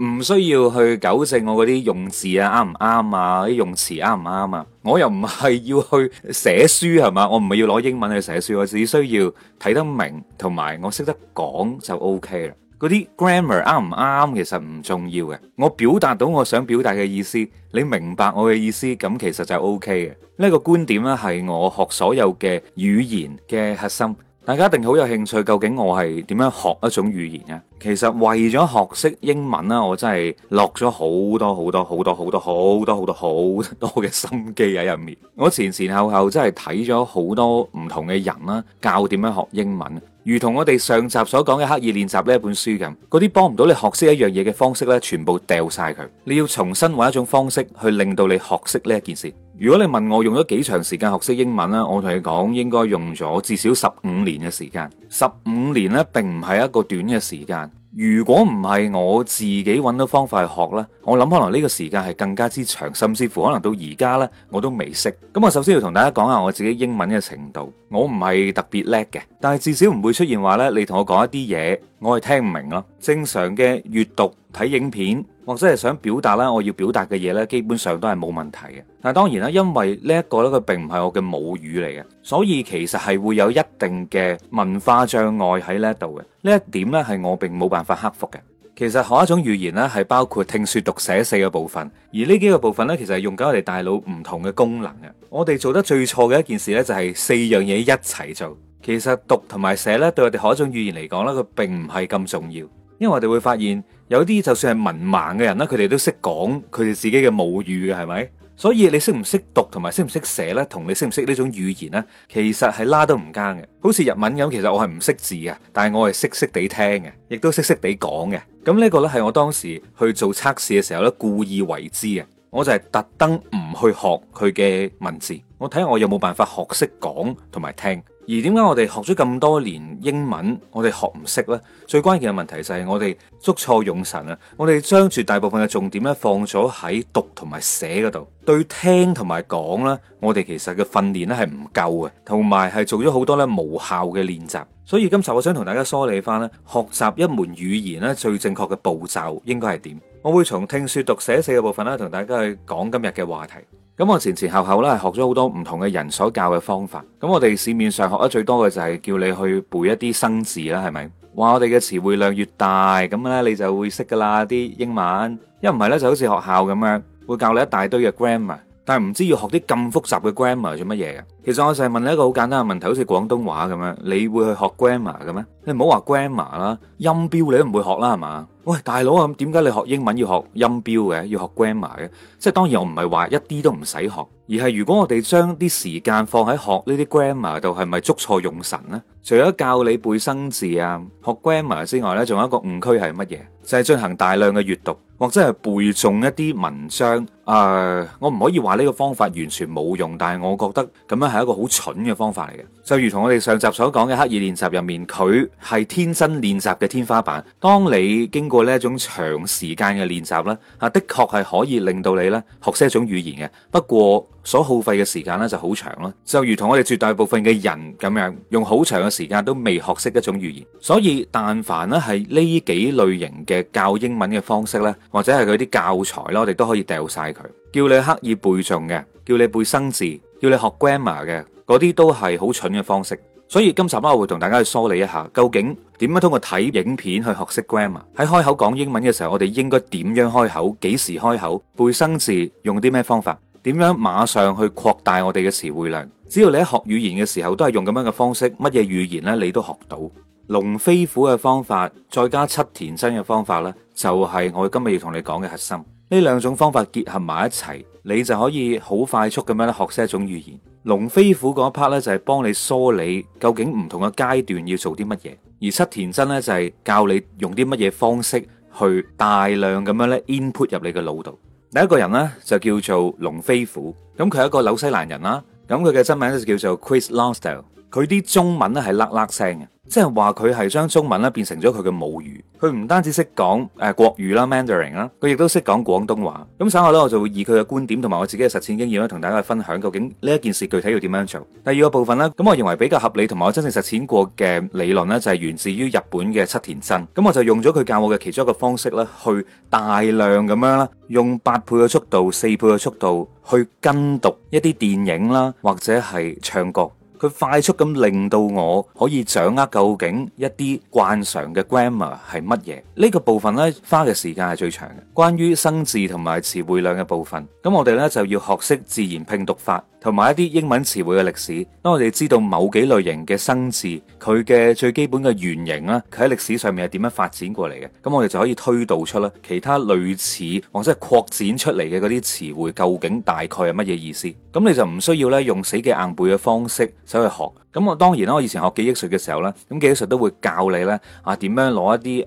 唔需要去糾正我嗰啲用字啊，啱唔啱啊，啲用詞啱唔啱啊，我又唔係要去寫書係嘛？我唔係要攞英文去寫書，我只需要睇得明同埋我識得講就 O K 啦。嗰啲 grammar 啱唔啱其實唔重要嘅，我表達到我想表達嘅意思，你明白我嘅意思咁，其實就 O K 嘅。呢一個觀點咧，係我學所有嘅語言嘅核心。大家一定好有興趣，究竟我係點樣學一種語言呀？其實為咗學識英文啦，我真係落咗好多好多好多好多好多好多好多嘅心機喺入面。我前前後後真係睇咗好多唔同嘅人啦，教點樣學英文，如同我哋上集所講嘅《刻意練習》呢一本書咁，嗰啲幫唔到你學識一樣嘢嘅方式呢，全部掉晒佢。你要重新揾一種方式去令到你學識呢一件事。如果你問我用咗幾長時間學識英文呢，我同你講應該用咗至少十五年嘅時間。十五年呢並唔係一個短嘅時間。如果唔係我自己揾到方法去學咧，我諗可能呢個時間係更加之長，甚至乎可能到而家呢，我都未識。咁我首先要同大家講下我自己英文嘅程度，我唔係特別叻嘅，但係至少唔會出現話呢：「你同我講一啲嘢，我係聽唔明咯。」正常嘅閱讀。睇影片或者係想表達咧，我要表達嘅嘢呢，基本上都係冇問題嘅。但係當然啦，因為呢一個呢，佢並唔係我嘅母語嚟嘅，所以其實係會有一定嘅文化障礙喺呢度嘅。呢一點呢，係我並冇辦法克服嘅。其實學一種語言呢，係包括聽、說、讀、寫四個部分，而呢幾個部分呢，其實係用緊我哋大腦唔同嘅功能嘅。我哋做得最錯嘅一件事呢，就係四樣嘢一齊做。其實讀同埋寫呢，對我哋學一種語言嚟講呢，佢並唔係咁重要，因為我哋會發現。有啲就算係文盲嘅人咧，佢哋都識講佢哋自己嘅母語嘅，係咪？所以你識唔識讀同埋識唔識寫呢？同你識唔識呢種語言呢？其實係拉都唔間嘅。好似日文咁，其實我係唔識字嘅，但係我係識識地聽嘅，亦都識識地講嘅。咁呢個呢，係我當時去做測試嘅時候呢，故意為之嘅。我就係特登唔去學佢嘅文字，我睇下我有冇辦法學識講同埋聽。而點解我哋學咗咁多年英文，我哋學唔識呢？最關鍵嘅問題就係我哋捉錯用神啊！我哋將絕大部分嘅重點咧放咗喺讀同埋寫嗰度，對聽同埋講呢，我哋其實嘅訓練咧係唔夠嘅，同埋係做咗好多咧無效嘅練習。所以今集我想同大家梳理翻呢，學習一門語言呢最正確嘅步驟應該係點？我會從聽說讀寫四個部分啦，同大家去講今日嘅話題。咁我前前后後咧係學咗好多唔同嘅人所教嘅方法。咁我哋市面上學得最多嘅就係叫你去背一啲生字啦，係咪？話我哋嘅詞彙量越大，咁咧你就會識噶啦啲英文。一唔係咧就好似學校咁樣，會教你一大堆嘅 grammar，但係唔知要學啲咁複雜嘅 grammar 做乜嘢嘅。其實我就係問你一個好簡單嘅問題，好似廣東話咁樣，你會去學 grammar 嘅咩？你唔好話 grammar 啦，音標你都唔會學啦，係嘛？喂，大佬啊，點解你學英文要學音標嘅，要學 grammar 嘅？即係當然我唔係話一啲都唔使學，而係如果我哋將啲時間放喺學呢啲 grammar 度，係咪捉錯用神呢？除咗教你背生字啊、學 grammar 之外呢，仲有一個誤區係乜嘢？就係、是、進行大量嘅閱讀，或者係背誦一啲文章。誒、呃，我唔可以話呢個方法完全冇用，但係我覺得咁樣。係一個好蠢嘅方法嚟嘅，就如同我哋上集所講嘅刻意練習入面，佢係天真練習嘅天花板。當你經過呢一種長時間嘅練習咧，啊的確係可以令到你咧學識一種語言嘅，不過所耗費嘅時間呢就好長咯。就如同我哋絕大部分嘅人咁樣，用好長嘅時間都未學識一種語言。所以但凡咧係呢幾類型嘅教英文嘅方式呢，或者係佢啲教材啦，我哋都可以掉晒佢，叫你刻意背誦嘅，叫你背生字。要你學 grammar 嘅嗰啲都係好蠢嘅方式，所以今集我會同大家去梳理一下，究竟點樣通過睇影片去學識 grammar？喺開口講英文嘅時候，我哋應該點樣開口？幾時開口？背生字用啲咩方法？點樣馬上去擴大我哋嘅詞彙量？只要你喺學語言嘅時候都係用咁樣嘅方式，乜嘢語言咧你都學到。龍飛虎嘅方法，再加七田真嘅方法咧，就係我哋今日要同你講嘅核心。呢兩種方法結合埋一齊。你就可以好快速咁樣咧學識一種語言。龍飛虎嗰 part 咧就係、是、幫你梳理你究竟唔同嘅階段要做啲乜嘢，而七田真咧就係、是、教你用啲乜嘢方式去大量咁樣咧 input 入你嘅腦度。第一個人咧就叫做龍飛虎，咁佢係一個紐西蘭人啦，咁佢嘅真名咧就叫做 Chris Lonsdale。佢啲中文咧係甩甩聲嘅，即係話佢係將中文咧變成咗佢嘅母語。佢唔單止識講誒國語啦、mandarin 啦，佢亦都識講廣東話。咁稍後咧我就會以佢嘅觀點同埋我自己嘅實踐經驗咧，同大家去分享究竟呢一件事具體要點樣做。第二個部分呢，咁我認為比較合理同埋我真正實踐過嘅理論呢，就係源自於日本嘅七田真。咁我就用咗佢教我嘅其中一個方式咧，去大量咁樣啦，用八倍嘅速度、四倍嘅速度去跟讀一啲電影啦，或者係唱歌。佢快速咁令到我可以掌握究竟一啲慣常嘅 grammar 係乜嘢？呢個部分呢，花嘅時間係最長嘅。關於生字同埋詞彙量嘅部分，咁我哋呢就要學識自然拼讀法。同埋一啲英文詞彙嘅歷史，當我哋知道某幾類型嘅生字，佢嘅最基本嘅原型啦，佢喺歷史上面係點樣發展過嚟嘅，咁我哋就可以推導出咧其他類似或者係擴展出嚟嘅嗰啲詞彙，究竟大概係乜嘢意思？咁你就唔需要咧用死記硬背嘅方式走去學。咁我當然啦，我以前學記憶術嘅時候咧，咁記憶術都會教你咧啊點樣攞一啲誒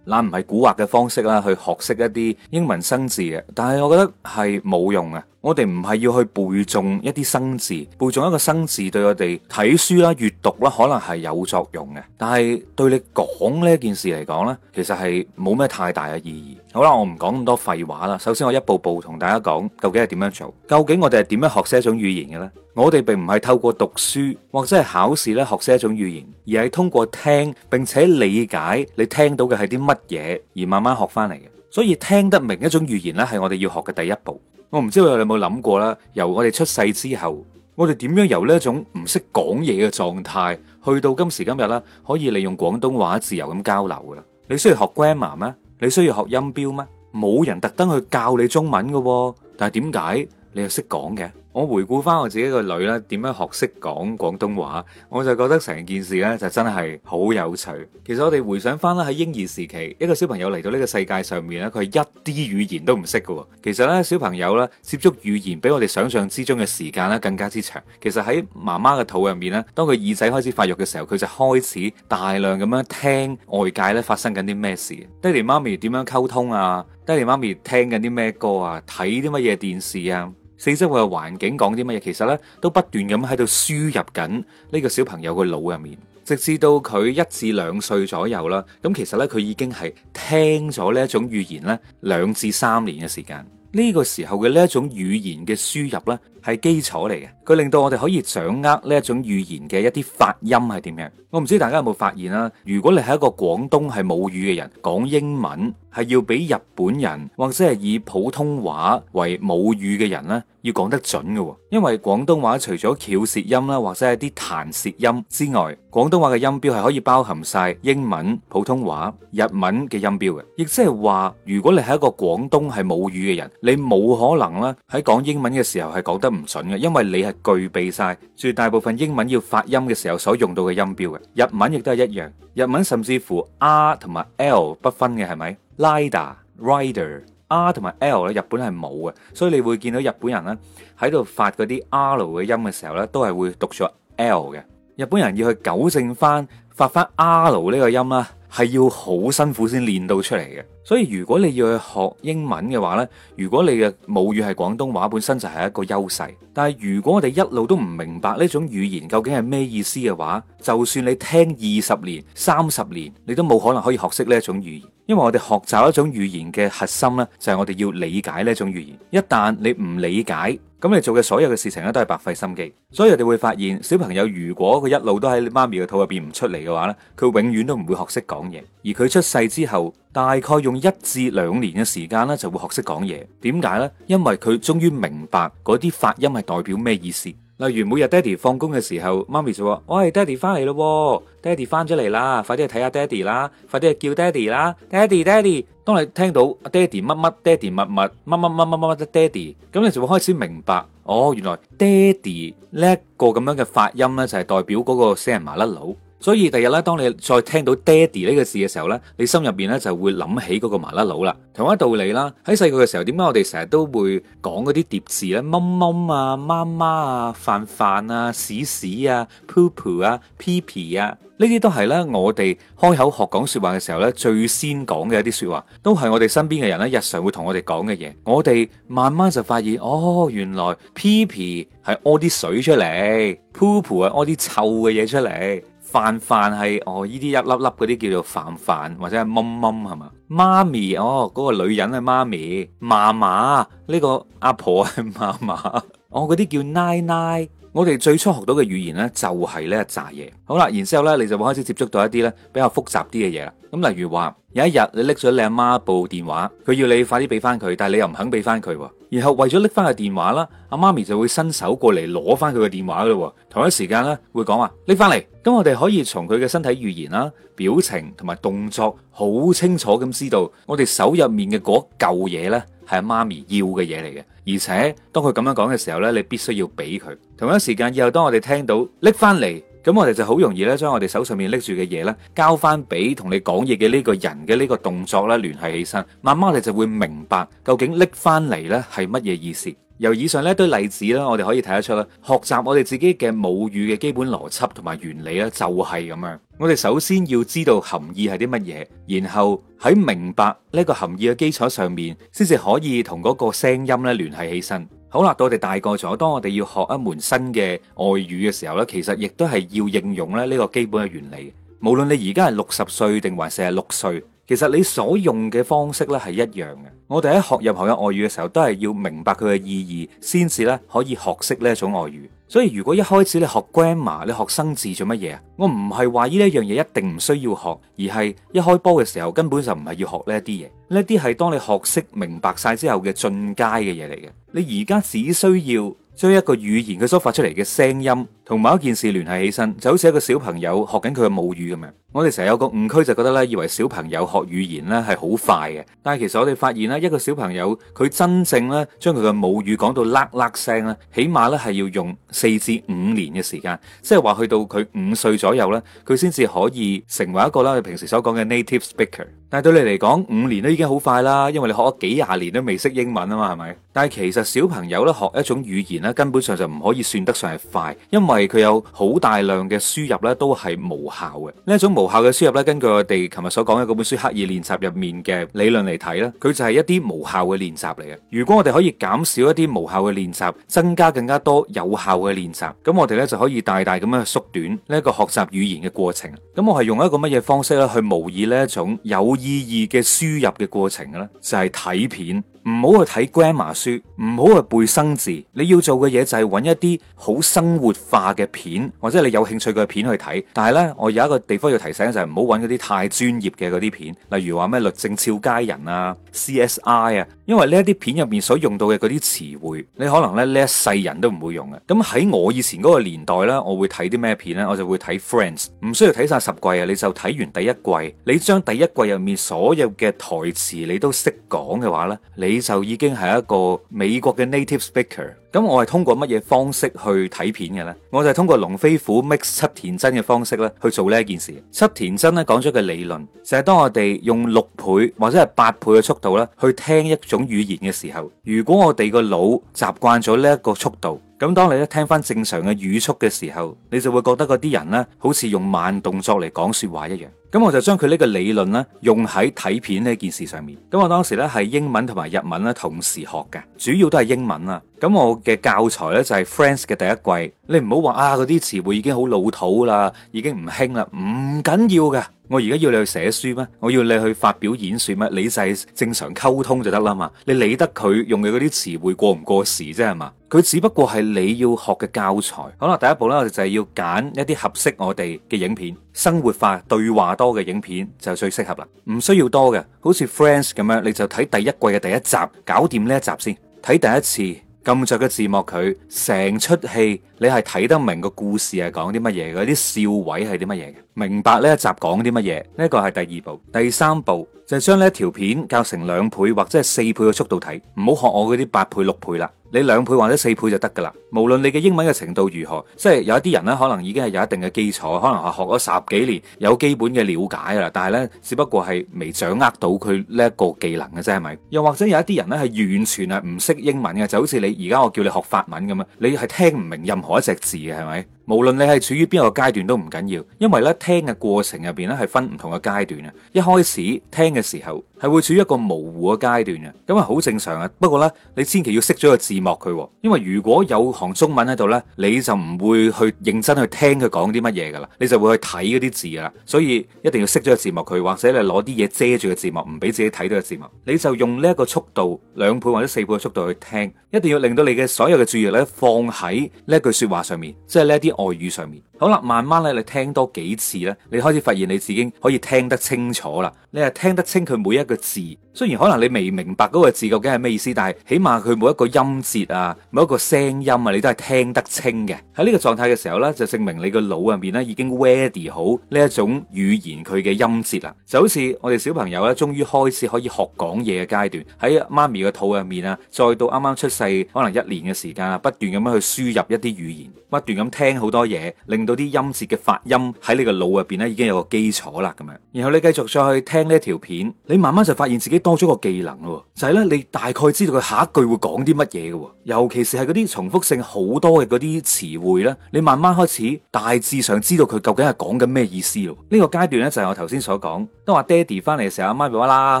難唔係古惑嘅方式啦，去學識一啲英文生字嘅。但係我覺得係冇用啊！我哋唔係要去背誦一啲生字，背誦一個生字對我哋睇書啦、閱讀啦，可能係有作用嘅。但係對你講呢件事嚟講呢，其實係冇咩太大嘅意義。好啦，我唔講咁多廢話啦。首先，我一步步同大家講，究竟係點樣做，究竟我哋係點樣學識一種語言嘅呢？我哋並唔係透過讀書或者係考試咧學識一種語言，而係通過聽並且理解你聽到嘅係啲乜嘢，而慢慢學翻嚟嘅。所以聽得明一種語言咧，係我哋要學嘅第一步。我唔知道你有冇諗過啦，由我哋出世之後，我哋點樣由呢一種唔識講嘢嘅狀態，去到今時今日啦，可以利用廣東話自由咁交流噶啦？你需要學 grammar 咩？你需要學音標咩？冇人特登去教你中文噶，哦，但係點解你又識講嘅？我回顧翻我自己個女咧，點樣學識講廣東話，我就覺得成件事咧就真係好有趣。其實我哋回想翻啦，喺嬰兒時期，一個小朋友嚟到呢個世界上面咧，佢係一啲語言都唔識㗎。其實咧，小朋友咧接觸語言，比我哋想象之中嘅時間咧更加之長。其實喺媽媽嘅肚入面咧，當佢耳仔開始發育嘅時候，佢就開始大量咁樣聽外界咧發生緊啲咩事。爹哋媽咪點樣溝通啊？爹哋媽咪聽緊啲咩歌啊？睇啲乜嘢電視啊？四周圍嘅環境講啲乜嘢，其實呢，都不斷咁喺度輸入緊呢個小朋友嘅腦入面，直至到佢一至兩歲左右啦。咁其實呢，佢已經係聽咗呢一種語言呢兩至三年嘅時間。呢個時候嘅呢一種語言嘅輸入呢，係基礎嚟嘅，佢令到我哋可以掌握呢一種語言嘅一啲發音係點樣。我唔知大家有冇發現啦，如果你係一個廣東係母語嘅人講英文。係要俾日本人或者係以普通話為母語嘅人呢，要講得準嘅。因為廣東話除咗翹舌音啦，或者係啲彈舌音之外，廣東話嘅音標係可以包含晒英文、普通話、日文嘅音標嘅。亦即係話，如果你係一個廣東係母語嘅人，你冇可能呢喺講英文嘅時候係講得唔準嘅，因為你係具備晒絕大部分英文要發音嘅時候所用到嘅音標嘅。日文亦都係一樣，日文甚至乎 R 同埋 L 不分嘅，係咪？Lidar、Rider、R 同埋 L 咧，日本係冇嘅，所以你會見到日本人咧喺度發嗰啲 R 嘅音嘅時候咧，都係會讀咗 L 嘅。日本人要去糾正翻發翻 R 呢個音啦。係要好辛苦先練到出嚟嘅，所以如果你要去學英文嘅話呢，如果你嘅母語係廣東話，本身就係一個優勢。但係如果我哋一路都唔明白呢種語言究竟係咩意思嘅話，就算你聽二十年、三十年，你都冇可能可以學識呢種語言。因為我哋學習一種語言嘅核心呢，就係、是、我哋要理解呢一種語言。一旦你唔理解，咁你做嘅所有嘅事情咧，都係白費心機。所以你會發現，小朋友如果佢一路都喺媽咪嘅肚入邊唔出嚟嘅話咧，佢永遠都唔會學識講嘢。而佢出世之後，大概用一至兩年嘅時間咧，就會學識講嘢。點解呢？因為佢終於明白嗰啲發音係代表咩意思。例如每日爹哋放工嘅時候，媽咪就話：我係爹哋翻嚟咯，爹哋翻咗嚟啦，快啲去睇下爹哋啦，快啲去叫爹哋啦，爹哋爹哋。當你聽到阿爹哋乜乜爹哋乜乜乜乜乜乜乜爹哋，咁你就會開始明白，哦，原來爹哋呢個咁樣嘅發音咧，就係代表嗰個死人麻甩佬。所以第日咧，當你再聽到爹哋呢個字嘅時候呢，你心入邊呢就會諗起嗰個麻甩佬啦。同一道理啦，喺細個嘅時候，點解我哋成日都會講嗰啲疊字呢？蚊蚊啊，媽媽啊，飯飯啊，屎屎啊，poopoo 啊 peepee 啊，呢啲、啊啊、都係呢我哋開口學講說話嘅時候呢，最先講嘅一啲說話，都係我哋身邊嘅人咧日常會同我哋講嘅嘢。我哋慢慢就發現，哦，原來 peepee 係屙啲水出嚟，poopoo 係屙啲臭嘅嘢出嚟。飯飯係哦，呢啲一粒粒嗰啲叫做飯飯，或者係蚊蚊係嘛？媽咪哦，嗰個女人係媽咪，嫲嫲呢個阿婆係嫲嫲，我嗰啲叫奶奶。我哋最初學到嘅語言呢，就係呢一紮嘢。好啦，然之後呢，你就會開始接觸到一啲呢，比較複雜啲嘅嘢啦。咁例如話，有一日你拎咗你阿媽部電話，佢要你快啲俾翻佢，但係你又唔肯俾翻佢。然後為咗拎翻個電話啦，阿媽咪就會伸手過嚟攞翻佢嘅電話啦。同一時間呢，會講話拎翻嚟。咁我哋可以從佢嘅身體語言啦、表情同埋動作，好清楚咁知道我哋手入面嘅嗰嚿嘢呢，係阿媽咪要嘅嘢嚟嘅，而且當佢咁樣講嘅時候咧，你必須要俾佢。同一時間以後，當我哋聽到拎翻嚟，咁我哋就好容易咧，將我哋手上面拎住嘅嘢咧，交翻俾同你講嘢嘅呢個人嘅呢個動作咧，聯繫起身，慢慢你就會明白究竟拎翻嚟咧係乜嘢意思。由以上呢堆例子咧，我哋可以睇得出啦，學習我哋自己嘅母語嘅基本邏輯同埋原理咧，就係咁樣。我哋首先要知道含義係啲乜嘢，然後喺明白呢個含義嘅基礎上面，先至可以同嗰個聲音咧聯繫起身。好啦，到我哋大個咗，當我哋要學一門新嘅外語嘅時候咧，其實亦都係要應用咧呢個基本嘅原理。無論你而家係六十歲定還是係六歲。其實你所用嘅方式咧係一樣嘅，我哋喺學任何嘅外語嘅時候，都係要明白佢嘅意義，先至咧可以學識呢一種外語。所以如果一開始你學 Grammar，你學生字做乜嘢啊？我唔係話呢一樣嘢一定唔需要學，而係一開波嘅時候根本就唔係要學呢一啲嘢，呢啲係當你學識明白晒之後嘅進階嘅嘢嚟嘅。你而家只需要。將一個語言佢所發出嚟嘅聲音同某一件事聯繫起身，就好似一個小朋友學緊佢嘅母語咁樣。我哋成日有個誤區就覺得咧，以為小朋友學語言咧係好快嘅。但係其實我哋發現咧，一個小朋友佢真正咧將佢嘅母語講到甩甩聲咧，起碼咧係要用四至五年嘅時間，即係話去到佢五歲左右咧，佢先至可以成為一個咧平時所講嘅 native speaker。但係對你嚟講，五年都已經好快啦，因為你學咗幾廿年都未識英文啊嘛，係咪？但係其實小朋友咧學一種語言。根本上就唔可以算得上係快，因為佢有好大量嘅輸入咧，都係無效嘅。呢一種無效嘅輸入咧，根據我哋琴日所講嘅嗰本書《刻意練習》入面嘅理論嚟睇咧，佢就係一啲無效嘅練習嚟嘅。如果我哋可以減少一啲無效嘅練習，增加更加多有效嘅練習，咁我哋咧就可以大大咁樣去縮短呢一個學習語言嘅過程。咁我係用一個乜嘢方式咧去模擬呢一種有意義嘅輸入嘅過程嘅咧？就係睇片。唔好去睇 grammar 書，唔好去背生字。你要做嘅嘢就係揾一啲好生活化嘅片，或者你有興趣嘅片去睇。但係呢，我有一個地方要提醒就係唔好揾嗰啲太專業嘅嗰啲片，例如話咩律政俏佳人啊、CSI 啊，因為呢一啲片入面所用到嘅嗰啲詞彙，你可能咧一世人都唔會用嘅。咁喺我以前嗰個年代呢，我會睇啲咩片呢？我就會睇 Friends，唔需要睇晒十季啊，你就睇完第一季，你將第一季入面所有嘅台詞你都識講嘅話呢。你。你就已經係一個美國嘅 native speaker，咁我係通過乜嘢方式去睇片嘅呢？我就係通過《龍飛虎》mix 七田真嘅方式咧去做呢一件事。七田真咧講咗個理論就係當我哋用六倍或者係八倍嘅速度咧去聽一種語言嘅時候，如果我哋個腦習慣咗呢一個速度，咁當你咧聽翻正常嘅語速嘅時候，你就會覺得嗰啲人咧好似用慢動作嚟講說話一樣。咁我就將佢呢個理論咧用喺睇片呢件事上面。咁我當時呢係英文同埋日文咧同時學嘅，主要都係英文啦。咁我嘅教材呢就係 Friends 嘅第一季。你唔好話啊，嗰啲詞彙已經好老土啦，已經唔興啦，唔緊要嘅。我而家要你去寫書咩？我要你去發表演說咩？你就係正常溝通就得啦嘛。你理得佢用嘅嗰啲詞彙過唔過時啫係嘛？佢只不過係你要學嘅教材。好啦，第一步咧，我就係要揀一啲合適我哋嘅影片，生活化、對話多嘅影片就最適合啦。唔需要多嘅，好似 Friends 咁樣，你就睇第一季嘅第一集，搞掂呢一集先，睇第一次。咁着嘅字幕，佢成出戲，你係睇得明個故事係講啲乜嘢，嗰啲笑位係啲乜嘢，明白呢一集講啲乜嘢？呢個係第二步。第三步，就係將呢一條片較成兩倍或者係四倍嘅速度睇，唔好學我嗰啲八倍、六倍啦。你兩倍或者四倍就得噶啦。無論你嘅英文嘅程度如何，即係有一啲人呢，可能已經係有一定嘅基礎，可能係學咗十幾年，有基本嘅了解噶啦。但係呢，只不過係未掌握到佢呢一個技能嘅啫，係咪？又或者有一啲人呢，係完全係唔識英文嘅，就好似你而家我叫你學法文咁樣，你係聽唔明任何一隻字嘅，係咪？無論你係處於邊個階段都唔緊要，因為咧，聽嘅過程入邊咧係分唔同嘅階段啊。一開始聽嘅時候係會處於一個模糊嘅階段嘅，咁係好正常嘅。不過呢，你千祈要熄咗個字幕佢，因為如果有行中文喺度呢，你就唔會去認真去聽佢講啲乜嘢噶啦，你就會去睇嗰啲字噶啦。所以一定要熄咗個字幕佢，或者你攞啲嘢遮住個字幕，唔俾自己睇到個字幕，你就用呢一個速度兩倍或者四倍嘅速度去聽，一定要令到你嘅所有嘅注意力放喺呢句說話上面，即係呢啲。外語上面好啦，慢慢咧，你聽多幾次咧，你開始發現你自己可以聽得清楚啦。你係聽得清佢每一個字。雖然可能你未明白嗰個字究竟係咩意思，但係起碼佢每一個音節啊，每一個聲音啊，你都係聽得清嘅。喺呢個狀態嘅時候呢，就證明你個腦入面呢已經 ready 好呢一種語言佢嘅音節啦。就好似我哋小朋友呢，終於開始可以學講嘢嘅階段，喺媽咪嘅肚入面啊，再到啱啱出世可能一年嘅時間啊，不斷咁樣去輸入一啲語言，不斷咁聽好多嘢，令到啲音節嘅發音喺你個腦入邊呢已經有個基礎啦咁樣。然後你繼續再去聽呢條片，你慢慢就發現自己多咗個技能咯，就係咧，你大概知道佢下一句會講啲乜嘢嘅，尤其是係嗰啲重複性好多嘅嗰啲詞彙咧。你慢慢開始大致上知道佢究竟係講緊咩意思咯。呢個階段咧就係我頭先所講，都話爹哋翻嚟嘅時候，阿媽咪話啦，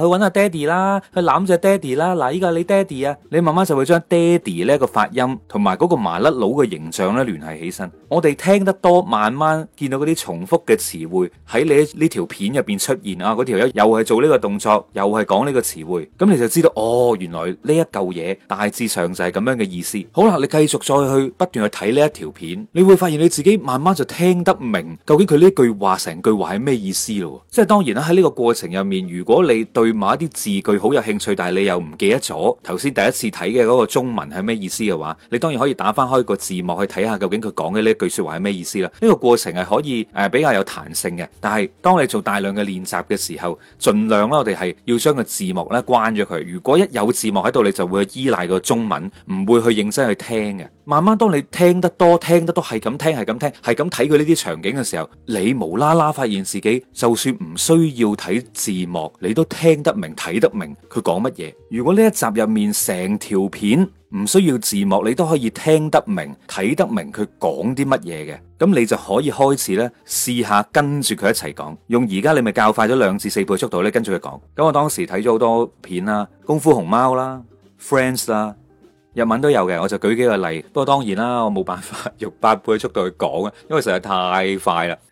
去揾下爹哋啦，去攬住爹哋啦。嗱，依個係你爹哋啊，你慢慢就會將爹哋呢個發音同埋嗰個麻甩佬嘅形象咧聯繫起身。我哋聽得多，慢慢見到嗰啲重複嘅詞彙喺你呢條片入邊出現啊，嗰條友又係做呢個動作，又係講呢。呢個詞彙，咁你就知道哦，原來呢一嚿嘢大致上就係咁樣嘅意思。好啦，你繼續再去不斷去睇呢一條片,你會發現你自己慢慢就聽得明究竟佢呢句話成句話係咩意思咯。即係當然啦，喺呢個過程入面，如果你對某一啲字句好有興趣，但係你又唔記得咗頭先第一次睇嘅嗰個中文係咩意思嘅話，你當然可以打翻開個字幕去睇下究竟佢講嘅呢句說話係咩意思啦。呢、這個過程係可以誒、呃、比較有彈性嘅，但係當你做大量嘅練習嘅時候，盡量啦，我哋係要將個字。字幕咧關咗佢，如果一有字幕喺度，你就會依賴個中文，唔會去認真去聽嘅。慢慢當你聽得多，聽得多係咁聽，係咁聽，係咁睇佢呢啲場景嘅時候，你無啦啦發現自己就算唔需要睇字幕，你都聽得明、睇得明佢講乜嘢。如果呢一集入面成條片。唔需要字幕，你都可以聽得明、睇得明佢講啲乜嘢嘅，咁你就可以開始呢，試下跟住佢一齊講。用而家你咪較快咗兩至四倍速度呢，跟住佢講。咁我當時睇咗好多片啦，《功夫熊貓》啦，《Friends》啦，日文都有嘅，我就舉幾個例。不過當然啦，我冇辦法用八倍速度去講啊，因為實在太快啦。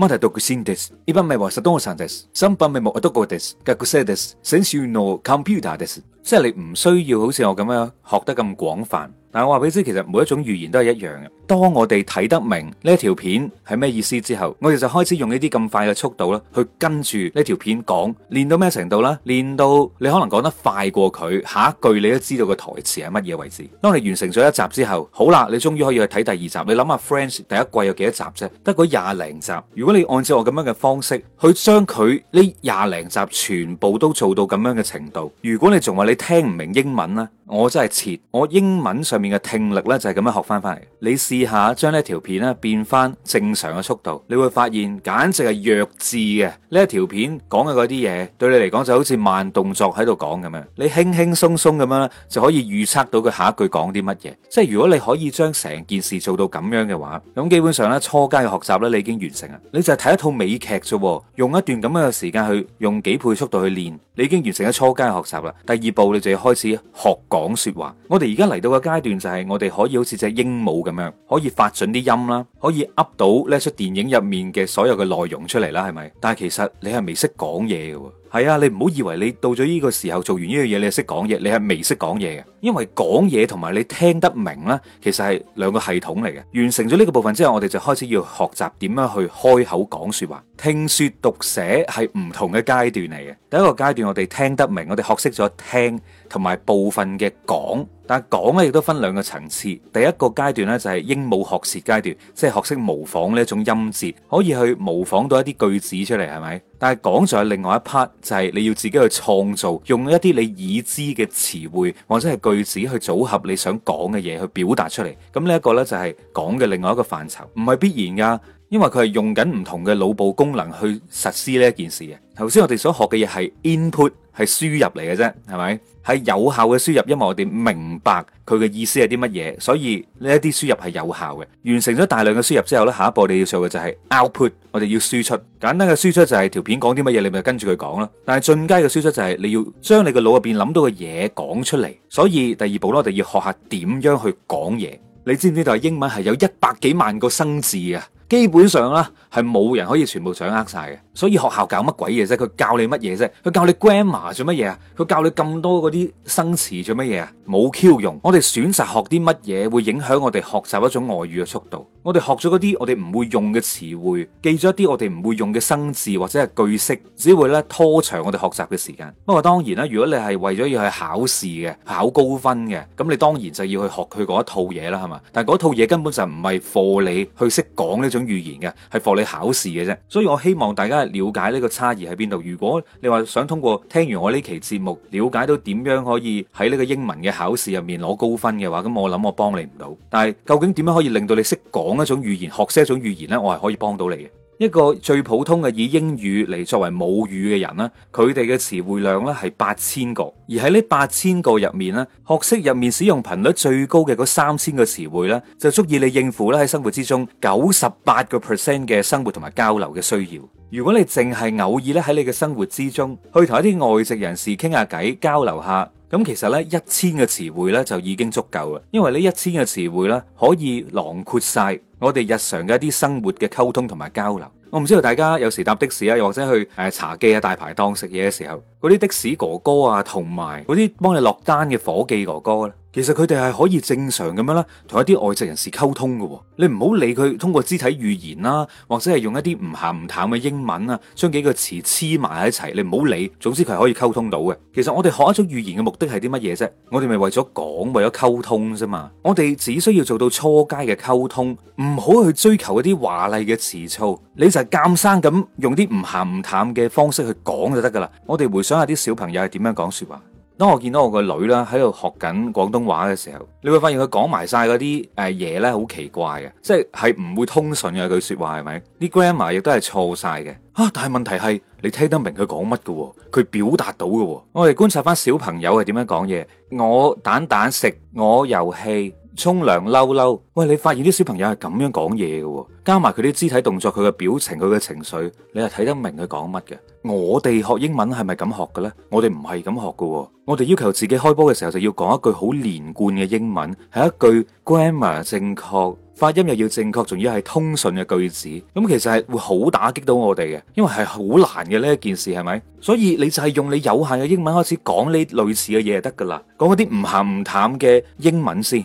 乜嘢讀過 sentence？呢班咪話實多我 sentence。Some 班咪冇讀過 des。Get 佢 said d s i o n computer des，即係你唔需要好似我咁樣學得咁廣泛。但係，我話俾你知，其實每一種語言都係一樣嘅。當我哋睇得明呢條片係咩意思之後，我哋就開始用呢啲咁快嘅速度啦，去跟住呢條片講。練到咩程度咧？練到你可能講得快過佢，下一句你都知道個台詞係乜嘢位置。當你完成咗一集之後，好啦，你終於可以去睇第二集。你諗下 Friends 第一季有幾多,多集啫？得嗰廿零集。如果如果你按照我咁樣嘅方式去將佢呢廿零集全部都做到咁樣嘅程度，如果你仲話你聽唔明英文呢？我真係切，我英文上面嘅聽力呢就係咁樣學翻翻嚟。你試下將呢一條片呢變翻正常嘅速度，你會發現簡直係弱智嘅。呢一條片講嘅嗰啲嘢對你嚟講就好似慢動作喺度講咁樣，你輕輕鬆鬆咁樣就可以預測到佢下一句講啲乜嘢。即係如果你可以將成件事做到咁樣嘅話，咁基本上呢，初階嘅學習呢，你已經完成啦。你就係睇一套美劇啫，用一段咁樣嘅時間去用幾倍速度去練。你已經完成咗初階學習啦，第二步你就要開始學講說話。我哋而家嚟到嘅階段就係、是、我哋可以好似隻鸚鵡咁樣，可以發準啲音啦，可以噏到呢出電影入面嘅所有嘅內容出嚟啦，係咪？但係其實你係未識講嘢嘅。係啊，你唔好以為你到咗呢個時候做完呢樣嘢，你係識講嘢，你係未識講嘢嘅。因為講嘢同埋你聽得明呢，其實係兩個系統嚟嘅。完成咗呢個部分之後，我哋就開始要學習點樣去開口講說話。聽說讀寫係唔同嘅階段嚟嘅。第一個階段我哋聽得明，我哋學識咗聽。同埋部分嘅講，但係講咧亦都分兩個層次。第一個階段咧就係鸚鵡學舌階段，即係學識模仿呢一種音節，可以去模仿到一啲句子出嚟，係咪？但係講就係另外一 part，就係、是、你要自己去創造，用一啲你已知嘅詞彙或者係句子去組合你想講嘅嘢去表達出嚟。咁呢一個咧就係講嘅另外一個範疇，唔係必然㗎，因為佢係用緊唔同嘅腦部功能去實施呢一件事嘅。頭先我哋所學嘅嘢係 input 係輸入嚟嘅啫，係咪？係有效嘅輸入，因為我哋明白佢嘅意思係啲乜嘢，所以呢一啲輸入係有效嘅。完成咗大量嘅輸入之後呢，下一步我哋要做嘅就係 output，我哋要輸出。簡單嘅輸出就係、是、條片講啲乜嘢，你咪跟住佢講啦。但係進階嘅輸出就係、是、你要將你嘅腦入邊諗到嘅嘢講出嚟。所以第二步呢，我哋要學下點樣去講嘢。你知唔知道英文係有一百幾萬個生字啊？基本上啦，係冇人可以全部掌握晒嘅，所以學校教乜鬼嘢啫？佢教你乜嘢啫？佢教你 grammar 做乜嘢啊？佢教你咁多嗰啲生詞做乜嘢啊？冇 Q 用。我哋選擇學啲乜嘢會影響我哋學習一種外語嘅速度。我哋學咗啲我哋唔會用嘅詞彙，記咗一啲我哋唔會用嘅生字或者係句式，只會咧拖長我哋學習嘅時間。不過當然啦，如果你係為咗要去考試嘅，考高分嘅，咁你當然就要去學佢嗰一套嘢啦，係嘛？但係嗰套嘢根本就唔係課你去識講呢種語言嘅，係課你考試嘅啫。所以我希望大家了解呢個差異喺邊度。如果你話想通過聽完我呢期節目，了解到點樣可以喺呢個英文嘅考試入面攞高分嘅話，咁我諗我幫你唔到。但係究竟點樣可以令到你識講？講一種語言，學識一種語言咧，我係可以幫到你嘅。一個最普通嘅以英語嚟，作為母語嘅人咧，佢哋嘅詞彙量咧係八千個，而喺呢八千個入面咧，學識入面使用頻率最高嘅嗰三千個詞彙咧，就足以你應付咧喺生活之中九十八個 percent 嘅生活同埋交流嘅需要。如果你淨係偶爾咧喺你嘅生活之中去同一啲外籍人士傾下偈，交流下。咁其實呢，一千個詞彙呢就已經足夠啦，因為呢一千個詞彙呢，可以囊括晒我哋日常嘅一啲生活嘅溝通同埋交流。我唔知道大家有時搭的士啊，又或者去誒、呃、茶記啊、大排檔食嘢嘅時候，嗰啲的士哥哥啊，同埋嗰啲幫你落單嘅伙計哥哥呢。其實佢哋係可以正常咁樣啦，同一啲外籍人士溝通嘅。你唔好理佢，通過肢體語言啦，或者係用一啲唔咸唔淡嘅英文啦，將幾個詞黐埋喺一齊。你唔好理，總之佢係可以溝通到嘅。其實我哋學一種語言嘅目的係啲乜嘢啫？我哋咪為咗講，為咗溝通啫嘛。我哋只需要做到初階嘅溝通，唔好去追求一啲華麗嘅詞藻。你就係監生咁用啲唔咸唔淡嘅方式去講就得噶啦。我哋回想下啲小朋友係點樣講說話。當我見到我個女啦喺度學緊廣東話嘅時候，你會發現佢講埋晒嗰啲誒嘢咧，好奇怪嘅，即係係唔會通順嘅句說話係咪？啲 grammar 亦都係錯晒嘅。啊！但係問題係你聽得明佢講乜㗎？佢表達到㗎。我哋觀察翻小朋友係點樣講嘢。我蛋蛋食，我遊戲。沖涼溜溜，喂！你發現啲小朋友係咁樣講嘢嘅，加埋佢啲肢體動作、佢嘅表情、佢嘅情緒，你係睇得明佢講乜嘅。我哋學英文係咪咁學嘅咧？我哋唔係咁學㗎。我哋要求自己開波嘅時候就要講一句好連貫嘅英文，係一句 grammar 正確、發音又要正確，仲要係通順嘅句子。咁其實係會好打擊到我哋嘅，因為係好難嘅呢一件事，係咪？所以你就係用你有限嘅英文開始講呢類似嘅嘢就得噶啦，講嗰啲唔鹹唔淡嘅英文先。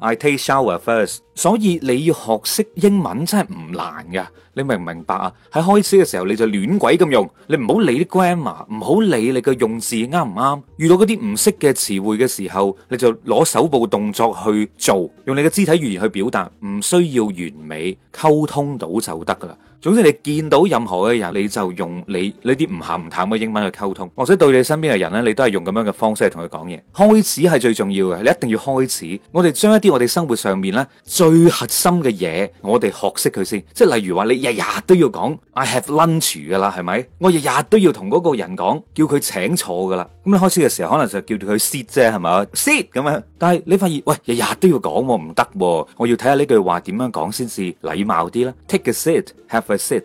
I take shower first。所以你要學識英文真係唔難噶，你明唔明白啊？喺開始嘅時候你就亂鬼咁用，你唔好理啲 grammar，唔好理你嘅用字啱唔啱。遇到嗰啲唔識嘅詞彙嘅時候，你就攞手部動作去做，用你嘅肢體語言去表達，唔需要完美，溝通到就得噶啦。總之你見到任何嘅人，你就用你呢啲唔鹹唔淡嘅英文去溝通，或者對你身邊嘅人呢，你都係用咁樣嘅方式嚟同佢講嘢。開始係最重要嘅，你一定要開始。我哋將一啲。我哋生活上面咧最核心嘅嘢，我哋學識佢先。即係例如話，你日日都要講 I have lunch 噶啦，係咪？我日日都要同嗰個人講，叫佢請坐噶啦。咁你開始嘅時候，可能就叫佢 sit 啫，係咪？sit 咁樣。但係你發現，喂，日日都要講我唔得，我要睇下呢句話點樣講先至禮貌啲啦。Take a seat，have a seat。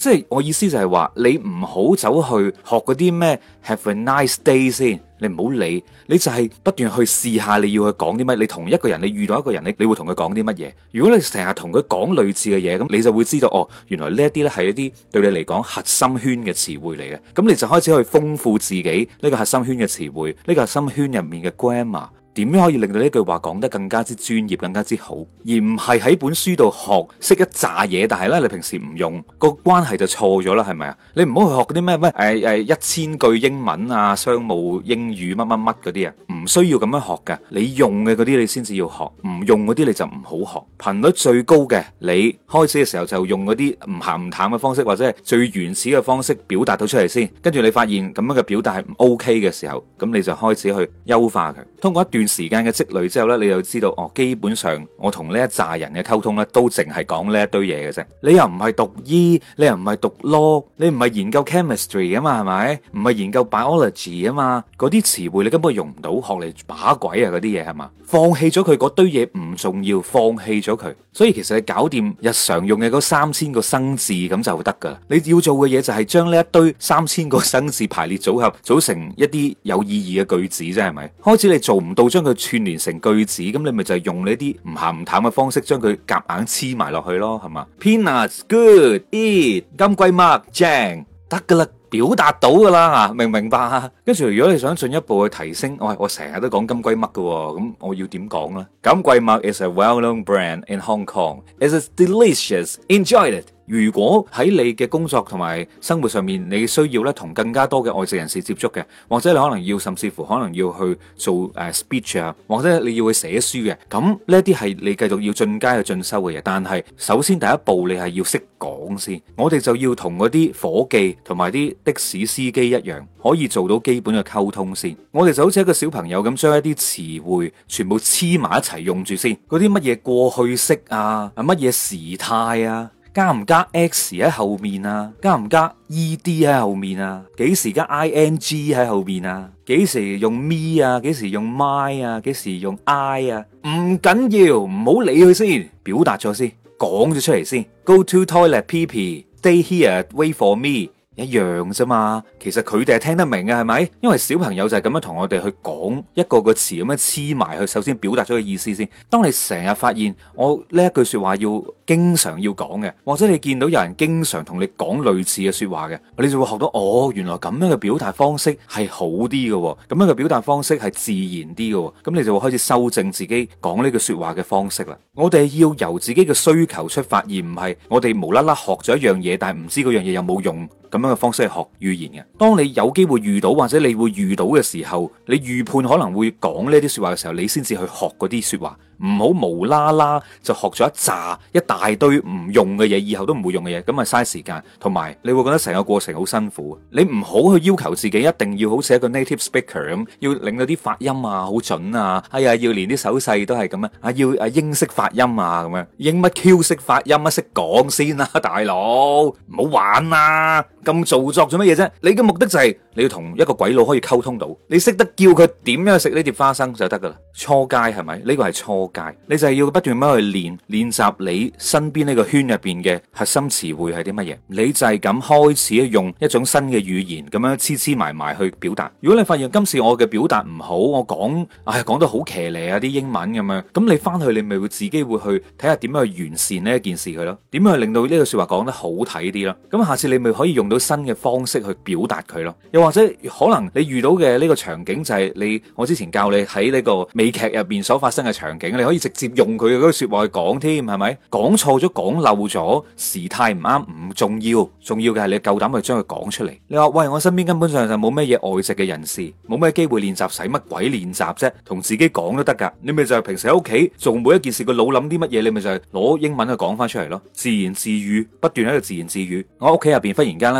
即係我意思就係話，你唔好走去學嗰啲咩，Have a nice day 先，你唔好理，你就係不斷去試下你要去講啲乜，你同一個人，你遇到一個人，你你會同佢講啲乜嘢？如果你成日同佢講類似嘅嘢，咁你就會知道哦，原來呢一啲呢係一啲對你嚟講核心圈嘅詞彙嚟嘅，咁你就開始去豐富自己呢個核心圈嘅詞彙，呢個核心圈入面嘅 grammar。點樣可以令到呢句話講得更加之專業、更加之好，而唔係喺本書度學識一揸嘢，但係呢，你平時唔用，個關係就錯咗啦，係咪啊？你唔好去學嗰啲咩咩誒誒一千句英文啊、商務英語乜乜乜嗰啲啊，唔需要咁樣學嘅。你用嘅嗰啲你先至要學，唔用嗰啲你就唔好學。頻率最高嘅，你開始嘅時候就用嗰啲唔鹹唔淡嘅方式，或者係最原始嘅方式表達到出嚟先，跟住你發現咁樣嘅表達係唔 OK 嘅時候，咁你就開始去優化佢，通過一段段時間嘅積累之後呢，你就知道哦，基本上我同呢一紮人嘅溝通呢，都淨係講呢一堆嘢嘅啫。你又唔係讀醫，你又唔係讀 law，你唔係研究 chemistry 啊嘛，係咪？唔係研究 biology 啊嘛，嗰啲詞彙你根本用唔到，學嚟把鬼啊，嗰啲嘢係嘛？放棄咗佢，嗰堆嘢唔重要，放棄咗佢。所以其實你搞掂日常用嘅嗰三千個生字咁就得噶啦。你要做嘅嘢就係將呢一堆三千個生字排列組合，組成一啲有意義嘅句子啫，係咪？開始你做唔到。將佢串連成句子，咁你咪就係用呢啲唔咸唔淡嘅方式將佢夾硬黐埋落去咯，係嘛？Peanuts good, it 金龜 mark 正得噶啦，表達到噶啦，明唔明白？跟 住如果你想進一步去提升，我我成日都講金龜 mark 嘅、哦，咁我要點講咧？金龜 mark is a well-known brand in Hong Kong. It's delicious, enjoy it. 如果喺你嘅工作同埋生活上面，你需要咧，同更加多嘅外籍人士接觸嘅，或者你可能要甚至乎可能要去做誒 speech 啊，或者你要去寫書嘅，咁呢啲係你繼續要進階去進修嘅嘢。但係首先第一步，你係要識講先。我哋就要同嗰啲夥計同埋啲的士司機一樣可以做到基本嘅溝通先。我哋就好似一個小朋友咁，將一啲詞彙全部黐埋一齊用住先。嗰啲乜嘢過去式啊，乜嘢時態啊？加唔加 X 喺後面啊？加唔加 ED 喺後面啊？幾時加 ING 喺後面啊？幾時用 me 啊？幾時用 my 啊？幾時用 I 啊？唔緊要，唔好理佢先，表達咗先，講咗出嚟先。Go to toilet, pee pee. Stay here, wait for me. 一樣啫嘛，其實佢哋係聽得明嘅，係咪？因為小朋友就係咁樣同我哋去講一個個詞咁樣黐埋去，首先表達咗個意思先。當你成日發現我呢一句說話要經常要講嘅，或者你見到有人經常同你講類似嘅說話嘅，你就會學到哦，原來咁樣嘅表達方式係好啲嘅，咁樣嘅表達方式係自然啲嘅，咁你就會開始修正自己講呢句說話嘅方式啦。我哋要由自己嘅需求出發，而唔係我哋無啦啦學咗一樣嘢，但係唔知嗰樣嘢有冇用咁樣。嘅方式嚟學語言嘅，當你有機會遇到或者你會遇到嘅時候，你預判可能會講呢啲說話嘅時候，你先至去學嗰啲說話，唔好無啦啦就學咗一扎一大堆唔用嘅嘢，以後都唔會用嘅嘢，咁啊嘥時間，同埋你會覺得成個過程好辛苦。你唔好去要求自己一定要好似一個 native speaker 咁，要令到啲發音啊好準啊，哎呀，要連啲手勢都係咁啊，要啊英式發音啊咁樣，英乜 q 式發音啊，識講先啦，大佬唔好玩啊！咁做作做乜嘢啫？你嘅目的就係、是、你要同一個鬼佬可以溝通到，你識得叫佢點樣食呢碟花生就得噶啦。初階係咪？呢、這個係初階，你就係要不斷咁去練練習你身邊呢個圈入邊嘅核心詞彙係啲乜嘢？你就係咁開始用一種新嘅語言咁樣黐黐埋埋去表達。如果你發現今次我嘅表達唔好，我講唉、哎、講得好騎呢啊啲英文咁樣，咁你翻去你咪會自己會去睇下點樣去完善呢一件事佢咯，點樣去令到呢個說話講得好睇啲咯。咁下次你咪可以用。到新嘅方式去表達佢咯，又或者可能你遇到嘅呢個場景就係你我之前教你喺呢個美劇入邊所發生嘅場景，你可以直接用佢嘅嗰個說話去講添，係咪講錯咗講漏咗時態唔啱，唔重要，重要嘅係你夠膽去將佢講出嚟。你話喂，我身邊根本上就冇咩嘢外籍嘅人士，冇咩機會練習，使乜鬼練習啫？同自己講都得噶，你咪就係平時喺屋企做每一件事個腦諗啲乜嘢，你咪就係攞英文去講翻出嚟咯，自言自語，不斷喺度自言自語。我喺屋企入邊忽然間咧。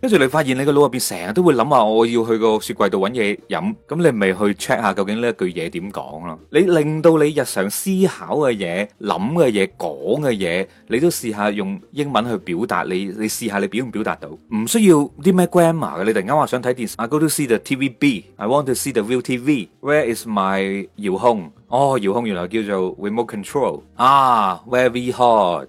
跟住 你發現你個腦入邊成日都會諗話，我要去個雪櫃度搵嘢飲，咁你咪去 check 下究竟呢一句嘢點講咯。你令到你日常思考嘅嘢、諗嘅嘢、講嘅嘢，你都試下用英文去表達。你你試下你表唔表達到？唔需要啲咩 grammar 嘅。你突然間話想睇電視，I go to see the TVB，I want to see the real TV。Where is my 遙控？哦，遙控原來叫做 remote control，ah，啊，very hard。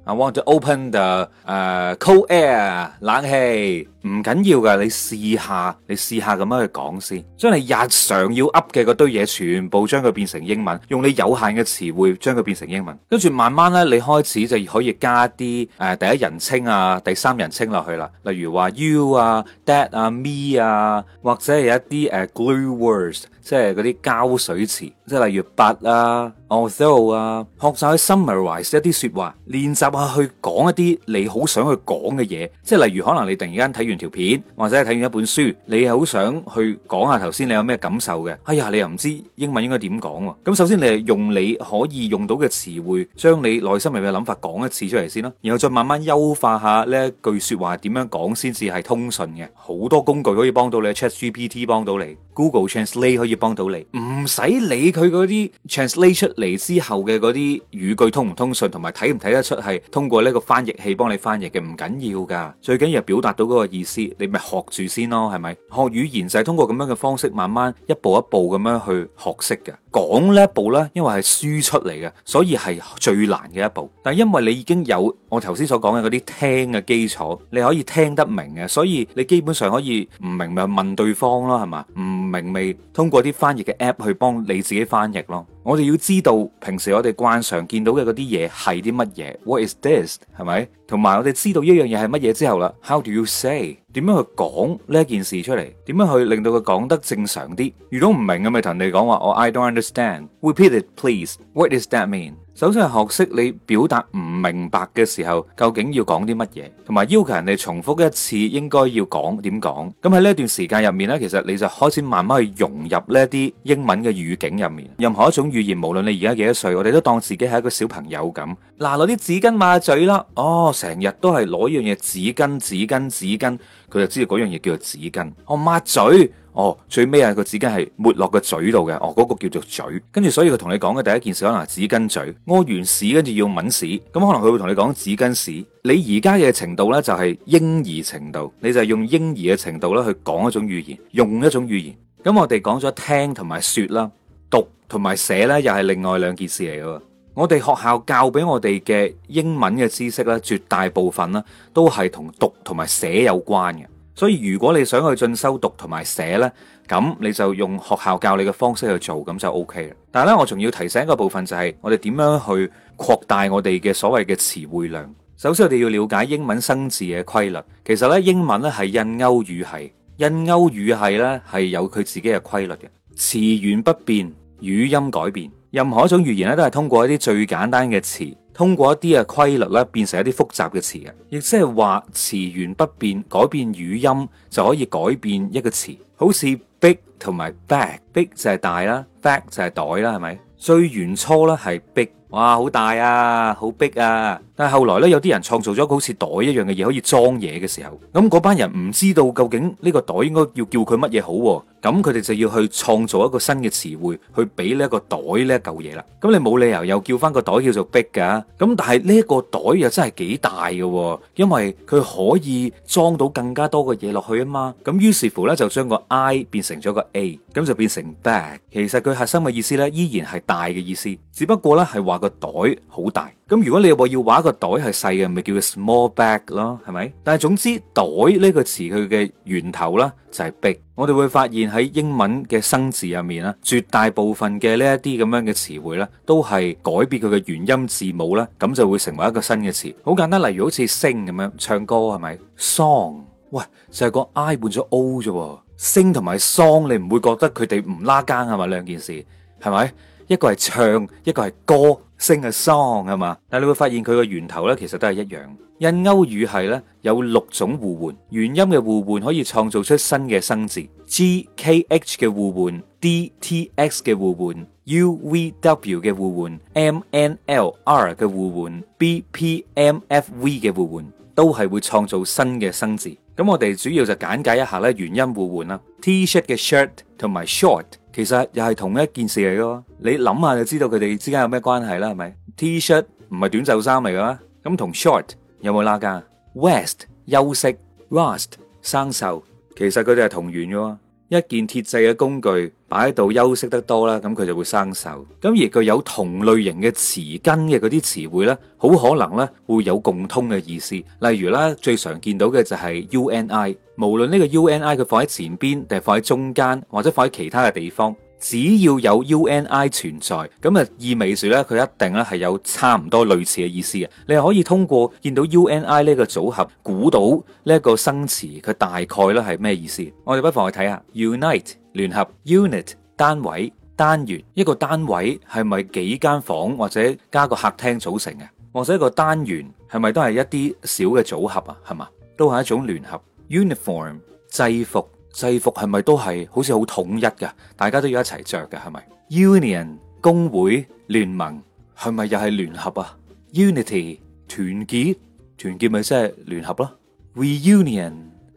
I want to open the, uh, cold air. 冷氣唔緊要㗎，你試下，你試下咁樣去講先。將你日常要噏嘅嗰堆嘢，全部將佢變成英文，用你有限嘅詞彙將佢變成英文。跟住慢慢咧，你開始就可以加啲誒、呃、第一人稱啊、第三人稱落去啦。例如話 you 啊、dad 啊、me 啊，或者係一啲誒、uh, glue words，即係嗰啲膠水詞，即係例如 but 啊。although 啊，學習去 summarize 一啲説話，練習下去講一啲你好想去講嘅嘢，即係例如可能你突然間睇完條片，或者係睇完一本書，你係好想去講下頭先你有咩感受嘅。哎呀，你又唔知英文應該點講喎？咁首先你係用你可以用到嘅詞彙，將你內心入面嘅諗法講一次出嚟先啦，然後再慢慢優化下呢一句説話點樣講先至係通順嘅。好多工具可以幫到你，ChatGPT 幫到你，Google Translate 可以幫到你，唔使理佢嗰啲 translate 出嚟之後嘅嗰啲語句通唔通順，同埋睇唔睇得出係通過呢個翻譯器幫你翻譯嘅，唔緊要噶。最緊要表達到嗰個意思，你咪學住先咯，係咪？學語言就係通過咁樣嘅方式，慢慢一步一步咁樣去學識嘅。講呢一步呢，因為係輸出嚟嘅，所以係最難嘅一步。但係因為你已經有我頭先所講嘅嗰啲聽嘅基礎，你可以聽得明嘅，所以你基本上可以唔明咪問對方咯，係嘛？唔明咪通過啲翻譯嘅 app 去幫你自己翻譯咯。我哋要知道平時我哋慣常見到嘅嗰啲嘢係啲乜嘢？What is this？係咪？同埋我哋知道一樣嘢係乜嘢之後啦，How do you say？點樣去講呢件事出嚟？點樣去令到佢講得正常啲？如果唔明咁咪同你講話，我、oh, I don't understand. Repeat it, please. What does that mean？首先係學識你表達唔明白嘅時候，究竟要講啲乜嘢，同埋要求人哋重複一次應該要講點講。咁喺呢段時間入面呢，其實你就開始慢慢去融入呢啲英文嘅語境入面。任何一種語言，無論你而家幾多歲，我哋都當自己係一個小朋友咁。嗱，攞啲紙巾抹下嘴啦。哦，成日都係攞一樣嘢，紙巾、紙巾、紙巾。佢就知道嗰樣嘢叫做紙巾。哦，抹嘴。哦，最尾啊個紙巾係抹落個嘴度嘅。哦，嗰、那個叫做嘴。跟住所以佢同你講嘅第一件事可能係紙巾嘴。屙完屎跟住要吻屎，咁、嗯、可能佢會同你講紙巾屎。你而家嘅程度呢，就係、是、嬰兒程度，你就係用嬰兒嘅程度咧去講一種語言，用一種語言。咁、嗯、我哋講咗聽同埋説啦，讀同埋寫呢，又係另外兩件事嚟嘅喎。我哋學校教俾我哋嘅英文嘅知識咧，絕大部分呢都係同讀同埋寫有關嘅。所以如果你想去進修讀同埋寫呢，咁你就用學校教你嘅方式去做，咁就 OK 啦。但係咧，我仲要提醒一個部分就係，我哋點樣去擴大我哋嘅所謂嘅詞彙量。首先我哋要了解英文生字嘅規律。其實呢，英文咧係印歐語系，印歐語系呢係有佢自己嘅規律嘅。詞源不變，語音改變。任何一種語言咧，都係通過一啲最簡單嘅詞，通過一啲嘅規律咧，變成一啲複雜嘅詞嘅，亦即係話詞源不變，改變語音就可以改變一個詞。好似 big 同埋 bag，big 就係大啦，bag 就係袋啦，係咪？最原初咧係 big。哇，好大啊，好逼啊！但係後來咧，有啲人創造咗個好似袋一樣嘅嘢，可以裝嘢嘅時候，咁嗰班人唔知道究竟呢個袋應該要叫佢乜嘢好，咁佢哋就要去創造一個新嘅詞彙，去俾呢一個袋呢一嚿嘢啦。咁你冇理由又叫翻個袋叫做逼噶，咁但係呢一個袋又真係幾大嘅，因為佢可以裝到更加多嘅嘢落去啊嘛。咁於是乎咧，就將個 I 變成咗個 A，咁就變成 bag。其實佢核心嘅意思咧，依然係大嘅意思，只不過咧係話。個袋好大，咁如果你話要畫個袋係細嘅，咪叫做 small bag 咯，係咪？但係總之袋呢個詞佢嘅源頭啦，就係 big。我哋會發現喺英文嘅生字入面啦，絕大部分嘅呢一啲咁樣嘅詞彙咧，都係改變佢嘅元音字母啦，咁就會成為一個新嘅詞。好簡單，例如好似 sing 咁樣唱歌係咪？Song，喂，就係個 I 換咗 O 啫，sing 同埋 song，你唔會覺得佢哋唔拉更係咪兩件事？係咪？一個係唱，一個係歌，sing a song 係嘛？但係你會發現佢個源頭咧，其實都係一樣。印歐語係咧有六種互換原音嘅互換，可以創造出新嘅生字。G、K、H 嘅互換，D、T、X 嘅互換，U、V、W 嘅互換，M、N、L、R 嘅互換，B、P、M、F、V 嘅互換，都係會創造新嘅生字。咁我哋主要就簡介一下咧原音互換啦。T-shirt 嘅 shirt 同埋 short sh。其實又係同一件事嚟嘅，你諗下就知道佢哋之間有咩關係啦，係咪？T-shirt 唔係短袖衫嚟嘅咩？咁同 short 有冇拉架？Rest 休息，Rust 生鏽，其實佢哋係同源嘅。一件鐵製嘅工具擺喺度休息得多啦，咁佢就會生鏽。咁亦具有同類型嘅詞根嘅嗰啲詞彙咧，好可能呢會有共通嘅意思。例如啦，最常見到嘅就係 U N I。無論呢個 U N I 佢放喺前邊，定係放喺中間，或者放喺其他嘅地方。只要有 U N I 存在，咁啊意味住呢，佢一定咧係有差唔多類似嘅意思嘅。你係可以通過見到 U N I 呢個組合，估到呢一個生詞佢大概咧係咩意思。我哋不妨去睇下，unite 聯合，unit 單位、單元，一個單位係咪幾間房或者加個客廳組成嘅？或者一個單元係咪都係一啲小嘅組合啊？係嘛，都係一種聯合。uniform 制服。制服係咪都係好似好統一嘅？大家都要一齊着嘅係咪？Union 工會聯盟係咪又係聯合啊？Unity 團結團結咪即係聯合啦？Reunion、Re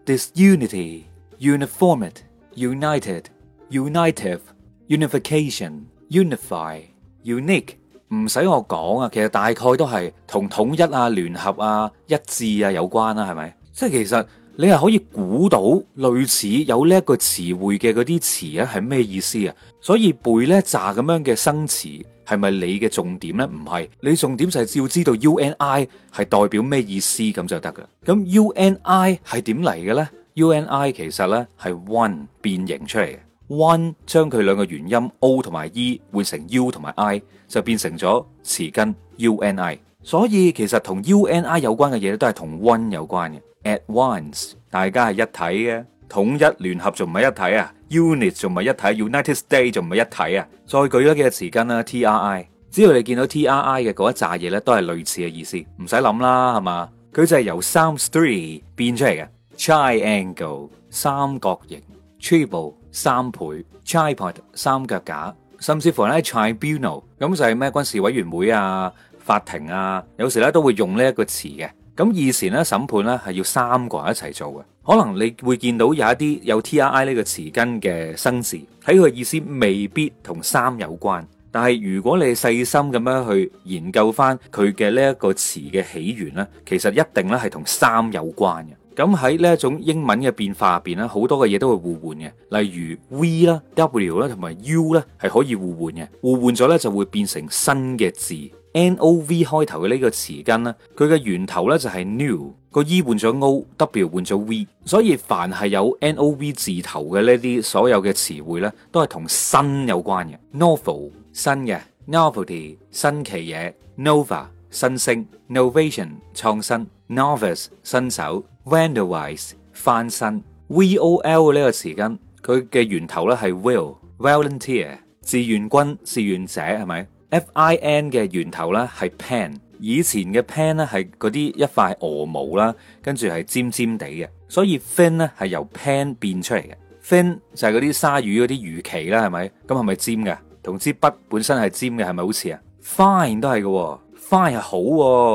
Disunity、Uniformity、United、United、Unification Un、Unify、Unique 唔使我講啊，其實大概都係同統一啊、聯合啊、一致啊有關啦，啊，係咪？即係其實。你係可以估到類似有呢一個詞彙嘅嗰啲詞咧係咩意思啊？所以背咧炸咁樣嘅生詞係咪你嘅重點呢？唔係，你重點就係要知道 U N I 係代表咩意思咁就得噶。咁 U N I 係點嚟嘅呢？U N I 其實咧係 one 變形出嚟嘅，one 將佢兩個元音 o 同埋 e 換成 u 同埋 i 就變成咗詞根 U N I。所以其實同 U N I 有關嘅嘢都係同 one 有關嘅。at once，大家係一體嘅，統一聯合仲唔係一體啊。Unit 仲唔係一體，United States 仲唔係一體啊。再舉多幾個詞根啦，tri，只要你見到 tri 嘅嗰一紮嘢咧，都係類似嘅意思，唔使諗啦，係嘛？佢就係由 Sums three 變出嚟嘅 triangle，三角形，triple 三,三,三倍，tripod 三腳架，甚至乎咧 tribunal，咁就係咩軍事委員會啊、法庭啊，有時咧都會用呢一個詞嘅。咁以前咧，審判咧係要三個人一齊做嘅，可能你會見到有一啲有 T R I 呢個詞根嘅生字，睇佢意思未必同三有關，但係如果你細心咁樣去研究翻佢嘅呢一個詞嘅起源咧，其實一定咧係同三有關嘅。咁喺呢一種英文嘅變化入邊咧，好多嘅嘢都會互換嘅，例如 v 啦、w 啦同埋 u 咧係可以互換嘅。互換咗咧就會變成新嘅字。n o v 開頭嘅呢個詞根咧，佢嘅源頭咧就係 new 個 e 換咗 o，w 換咗 v，所以凡係有 n o v 字頭嘅呢啲所有嘅詞彙咧，都係同新有關嘅。novel 新嘅，novelty 新奇嘢，nova 新星，novation 創新，novice 新手。vandalise 翻身。V O L 呢個詞根佢嘅源頭咧係 will，volunteer 志願軍、志願者係咪？F I N 嘅源頭咧係 pen 以前嘅 pen 咧係嗰啲一塊鵝毛啦，跟住係尖尖地嘅，所以 fin 咧係由 pen 變出嚟嘅。fin 就係嗰啲鯊魚嗰啲魚鰭啦，係咪？咁係咪尖嘅？同支筆本身係尖嘅，係咪、哦、好似啊？Fine 都係嘅，fine 係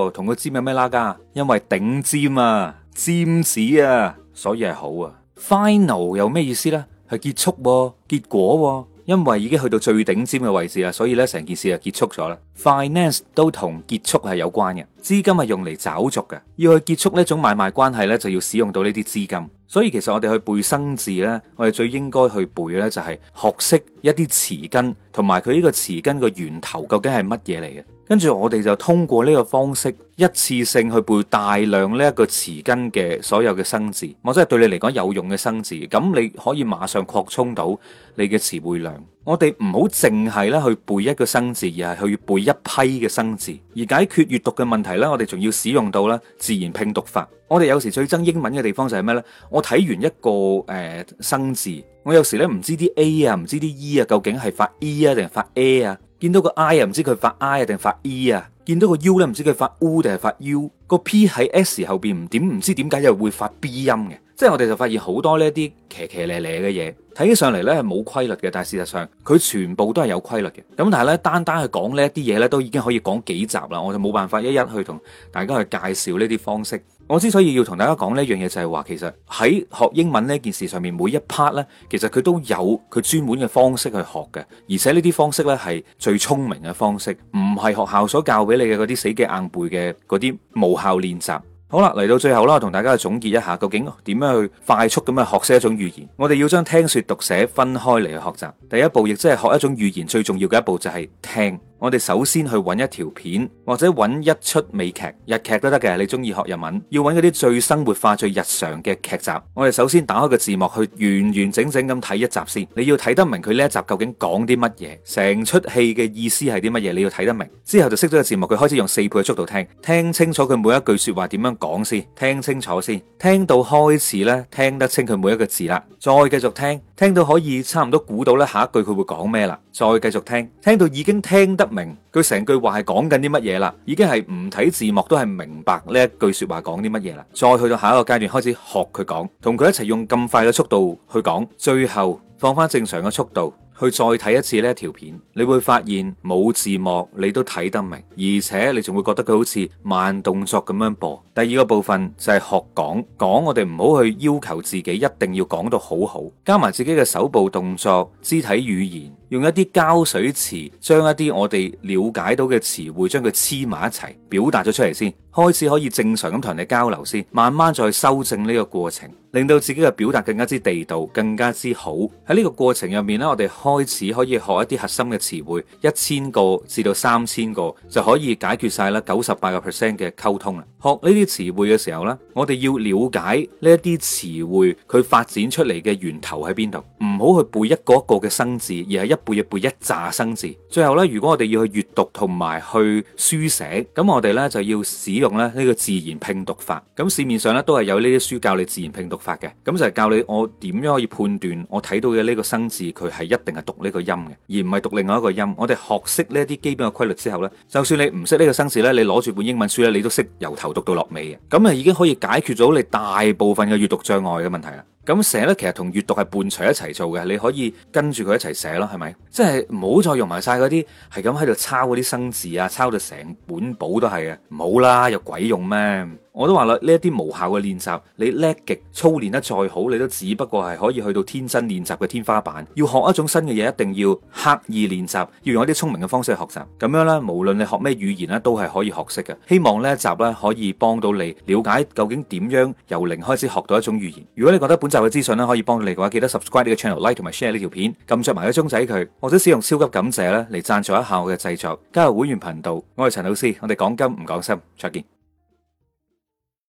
好，同個尖有咩拉加？因為頂尖啊！尖子啊，所以係好啊。Final 有咩意思呢？係結束啊，結果啊，因為已經去到最頂尖嘅位置啦，所以呢成件事就結束咗啦。Finance 都同結束係有關嘅，資金係用嚟找續嘅，要去結束呢種買賣關係呢，就要使用到呢啲資金。所以其實我哋去背生字呢，我哋最應該去背呢，就係學識一啲詞根，同埋佢呢個詞根嘅源頭究竟係乜嘢嚟嘅。跟住我哋就通過呢個方式，一次性去背大量呢一個詞根嘅所有嘅生字，或者係對你嚟講有用嘅生字，咁你可以馬上擴充到你嘅詞彙量。我哋唔好淨係呢去背一個生字，而係去背一批嘅生字，而解決閱讀嘅問題呢，我哋仲要使用到呢自然拼讀法。我哋有時最憎英文嘅地方就係咩呢？我睇完一個誒、呃、生字，我有時呢唔知啲 a 啊，唔知啲 e 啊，究竟係發 e 啊定係發 a 啊？見到個 i 啊，唔知佢發 i 啊定發 e 啊？見到個 u 咧，唔知佢發 u 定係發 u？個 p 喺 s 後邊唔點，唔知點解又會發 b 音嘅？即係我哋就發現好多呢一啲騎騎咧咧嘅嘢，睇起上嚟咧係冇規律嘅，但係事實上佢全部都係有規律嘅。咁但係咧，單單係講呢一啲嘢咧，都已經可以講幾集啦。我就冇辦法一一去同大家去介紹呢啲方式。我之所以要同大家講呢一樣嘢，就係話其實喺學英文呢件事上面，每一 part 呢其實佢都有佢專門嘅方式去學嘅，而且呢啲方式呢係最聰明嘅方式，唔係學校所教俾你嘅嗰啲死記硬背嘅嗰啲無效練習。好啦，嚟到最後啦，同大家去總結一下，究竟點樣去快速咁樣學識一種語言？我哋要將聽説讀寫分開嚟去學習。第一步亦即係學一種語言最重要嘅一步，就係聽。我哋首先去揾一條片，或者揾一出美劇、日劇都得嘅。你鍾意學日文，要揾嗰啲最生活化、最日常嘅劇集。我哋首先打開個字幕，去完完整整咁睇一集先。你要睇得明佢呢一集究竟講啲乜嘢，成出戲嘅意思係啲乜嘢，你要睇得明。之後就熄咗個字幕，佢開始用四倍嘅速度聽，聽清楚佢每一句説話點樣講先，聽清楚先。聽到開始呢，聽得清佢每一個字啦，再繼續聽，聽到可以差唔多估到呢下一句佢會講咩啦，再繼續聽，聽到已經聽得明佢成句話係講緊啲乜嘢啦，已經係唔睇字幕都係明白呢一句說話講啲乜嘢啦。再去到下一個階段開始學佢講，同佢一齊用咁快嘅速度去講，最後放翻正常嘅速度去再睇一次呢一條片，你會發現冇字幕你都睇得明，而且你仲會覺得佢好似慢動作咁樣播。第二個部分就係學講，講我哋唔好去要求自己一定要講到好好，加埋自己嘅手部動作、肢體語言。用一啲膠水詞，將一啲我哋了解到嘅詞彙，將佢黐埋一齊，表達咗出嚟先，開始可以正常咁同人哋交流先，慢慢再修正呢個過程，令到自己嘅表達更加之地道，更加之好。喺呢個過程入面呢，我哋開始可以學一啲核心嘅詞彙，一千個至到三千個就可以解決晒啦，九十八個 percent 嘅溝通啦。學呢啲詞彙嘅時候呢，我哋要了解呢一啲詞彙佢發展出嚟嘅源頭喺邊度，唔好去背一個一個嘅生字，而係一背一背一揸生字。最後呢，如果我哋要去閱讀同埋去書寫，咁我哋呢就要使用咧呢個自然拼讀法。咁市面上呢都係有呢啲書教你自然拼讀法嘅，咁就係教你我點樣可以判斷我睇到嘅呢個生字，佢係一定係讀呢個音嘅，而唔係讀另外一個音。我哋學識呢啲基本嘅規律之後呢，就算你唔識呢個生字呢，你攞住本英文書，呢你都識由頭讀到落尾嘅，咁啊，已經可以解決咗你大部分嘅閱讀障礙嘅問題啦。咁寫呢，其實同閱讀係伴隨一齊做嘅，你可以跟住佢一齊寫咯，係咪？即係唔好再用埋晒嗰啲係咁喺度抄嗰啲生字啊，抄到成本簿都係嘅，唔好啦，有鬼用咩？我都話啦，呢一啲無效嘅練習，你叻極操練得再好，你都只不過係可以去到天真練習嘅天花板。要學一種新嘅嘢，一定要刻意練習，要用一啲聰明嘅方式去學習。咁樣咧，無論你學咩語言咧，都係可以學識嘅。希望呢一集咧可以幫到你了解究竟點樣由零開始學到一種語言。如果你覺得本集嘅資訊咧可以幫到你嘅話，記得 subscribe 呢個 channel、like 同埋 share 呢條片，撳着埋個鐘仔佢，或者使用超級感謝咧嚟贊助一下我嘅製作。加入會員頻道，我係陳老師，我哋講金唔講心，再見。